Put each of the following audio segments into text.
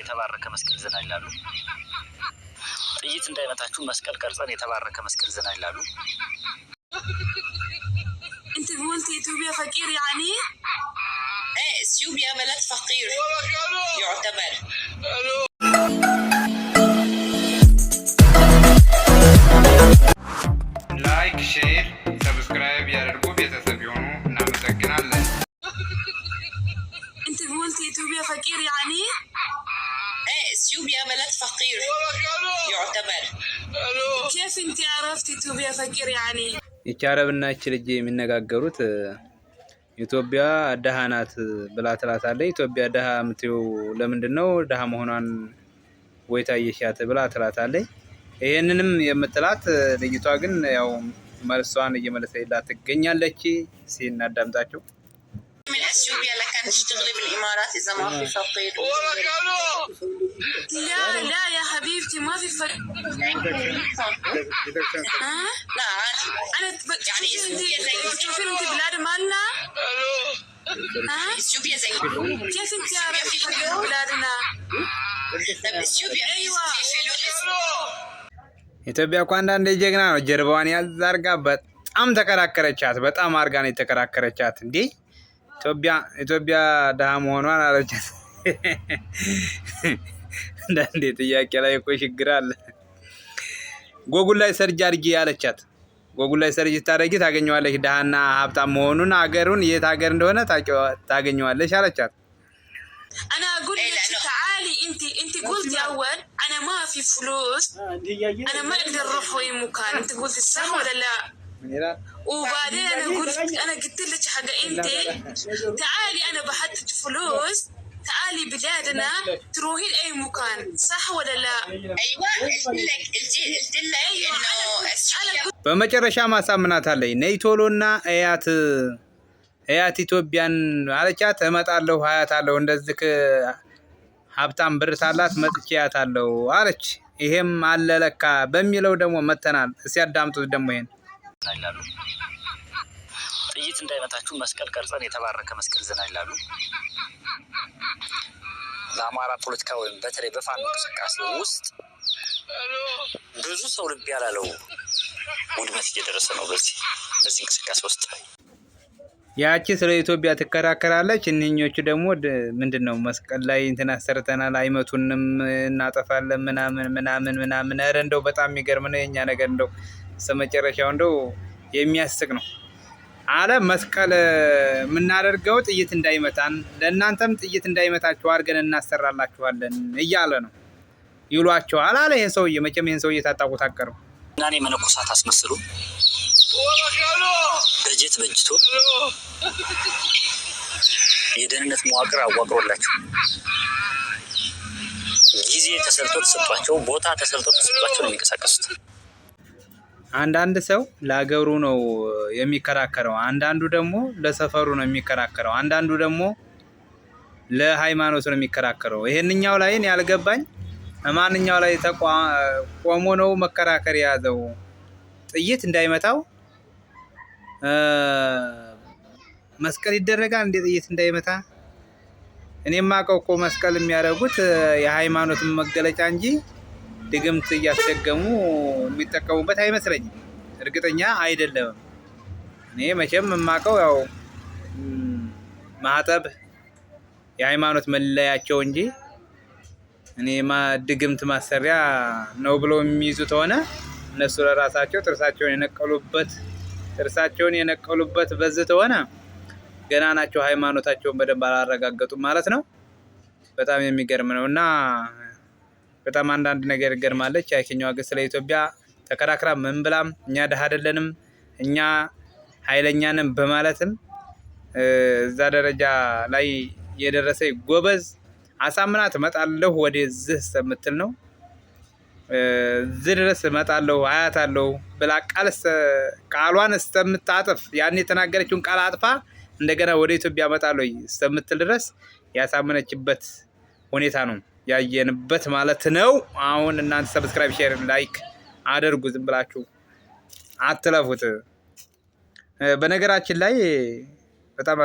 የተባረከ መስቀል ዘና ይላሉ። ጥይት እንዳይመታችሁ መስቀል ቀርጸን የተባረከ መስቀል ዘና ይላሉ። እንት ቡልት የኢትዮጵያ ፈቂር ያኒ ኢትዮጵያ በለት ፈቂር ይዕተበር ላይክ ሼር ሰብስክራይብ ያደርጉ ቤተሰብ የሆኑ እናመሰግናለን። እንት ቡልት የኢትዮጵያ ፈቂር ያኒ ኢትዮጵያ ማለት فقير يعتبر كيف انت عرفتي ኢትዮጵያ فقير يعني ይቺ አረብና ይቺ ልጅ የሚነጋገሩት ኢትዮጵያ ደሃ ናት ብላ ትላታለች። ኢትዮጵያ ደሃ የምትይው ለምንድን ነው ደሃ መሆኗን ወይ ታየሻት ብላ ትላታለች። ይህንንም የምትላት ልጅቷ ግን ያው መልሷን እየመለሰላት ትገኛለች ሲናዳምጣቸው اثيوبيا لكن تشتغلي بالامارات اذا ما في نعم. فقير لا لا يا حبيبتي ما في فرق ها؟ لا عادي انا يعني تشوفين انت بلاد مالنا؟ ها؟ اثيوبيا زي كيف انت يا رب بلادنا؟ طب اثيوبيا ايوه ኢትዮጵያ እኮ አንዳንዴ ጀግና ነው። ጀርባዋን ያዝ አርጋ በጣም ተከራከረቻት። በጣም አርጋ ነው የተከራከረቻት እንዴ ኢትዮጵያ ኢትዮጵያ ድሃ መሆኗን አረጃት። አንዳንዴ ጥያቄ ላይ እኮ ችግር አለ። ጎጉል ላይ ሰርጅ አድርጊ ያለቻት ጎጉል ላይ ሰርጅ ታደርጊ ታገኘዋለች። ድሃና ሀብታም መሆኑን አገሩን የት ሀገር እንደሆነ ታገኘዋለች አለቻት። አና ጉልት ያወል وبعدين انا قلت انا قلت لك حق انت تعالي انا بحطك فلوس تعالي بلادنا تروحي لاي مكان صح ولا لا؟ ايوه قلت لك قلت لك በመጨረሻ ማሳምናት አለኝ ነይ ቶሎና እያት እያት ኢትዮጵያን አለቻት። እመጣለሁ ሀያት አለሁ እንደዚህ ሀብታም ብር ታላት መጥቼ እያት አለች። ይሄም አለለካ በሚለው ደግሞ መተናል። እስኪ አዳምጡት ደግሞ ይሄን ዝና ይላሉ። ጥይት እንዳይመታችሁ መስቀል ቀርጸን የተባረከ መስቀል ዝና ይላሉ። በአማራ ፖለቲካ ወይም በተለይ በፋኖ እንቅስቃሴ ውስጥ ብዙ ሰው ልብ ያላለው ውድመት እየደረሰ ነው። በዚህ በዚህ እንቅስቃሴ ውስጥ ያቺ ስለ ኢትዮጵያ ትከራከራለች። እኒኞቹ ደግሞ ምንድን ነው መስቀል ላይ እንትን አሰርተናል፣ አይመቱንም፣ እናጠፋለን፣ ምናምን ምናምን ምናምን። ኧረ እንደው በጣም የሚገርም ነው ነገር እንደው እስከመጨረሻው እንደው የሚያስቅ ነው አለ መስቀል የምናደርገው ጥይት እንዳይመታን ለእናንተም ጥይት እንዳይመታችሁ አድርገን እናሰራላችኋለን እያለ ነው ይሏቸዋል አለ ይህን ሰውዬ። መቼም ይህን ሰውዬ ታጣቁት አቀረው ናኔ መነኮሳት አስመስሉ በጀት በጅቶ የደህንነት መዋቅር አዋቅሮላቸው ጊዜ ተሰልቶ ተሰጧቸው ቦታ ተሰልቶ ተሰጧቸው ነው የሚንቀሳቀሱት። አንዳንድ ሰው ለሀገሩ ነው የሚከራከረው፣ አንዳንዱ ደግሞ ለሰፈሩ ነው የሚከራከረው፣ አንዳንዱ ደግሞ ለሃይማኖት ነው የሚከራከረው። ይሄንኛው ላይ ያልገባኝ ማንኛው ላይ ቆሞ ነው መከራከር የያዘው? ጥይት እንዳይመታው መስቀል ይደረጋል እንደ ጥይት እንዳይመታ። እኔ ማቀው እኮ መስቀል የሚያደርጉት የሃይማኖትን መገለጫ እንጂ ድግምት እያስደገሙ የሚጠቀሙበት አይመስለኝም። እርግጠኛ አይደለም። እኔ መቼም የማውቀው ያው ማጠብ የሃይማኖት መለያቸው እንጂ እኔ ድግምት ማሰሪያ ነው ብሎ የሚይዙ ሆነ እነሱ ለራሳቸው ጥርሳቸውን የነቀሉበት ጥርሳቸውን የነቀሉበት በዝ ተሆነ ገና ናቸው። ሃይማኖታቸውን በደንብ አላረጋገጡም ማለት ነው። በጣም የሚገርም ነው እና በጣም አንዳንድ ነገር ገርማለች። ያኛው ግን ስለ ኢትዮጵያ ተከራክራ ምን ብላም እኛ ድሀ አይደለንም እኛ ኃይለኛንም በማለትም እዛ ደረጃ ላይ የደረሰ ጎበዝ አሳምና ትመጣለሁ ወደዚህ ስምትል ነው እዚህ ድረስ እመጣለሁ አያታለሁ ብላ ቃል ቃሏን እስከምታጥፍ ያን የተናገረችውን ቃል አጥፋ እንደገና ወደ ኢትዮጵያ እመጣለሁ እስከምትል ድረስ ያሳመነችበት ሁኔታ ነው። ያየንበት ማለት ነው። አሁን እናንተ ሰብስክራይብ፣ ሼር፣ ላይክ አድርጉ። ዝም ብላችሁ አትለፉት። በነገራችን ላይ በጣም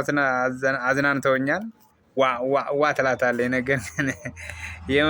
አዝናንተውኛል። ዋ ዋ ትላታለች ነገር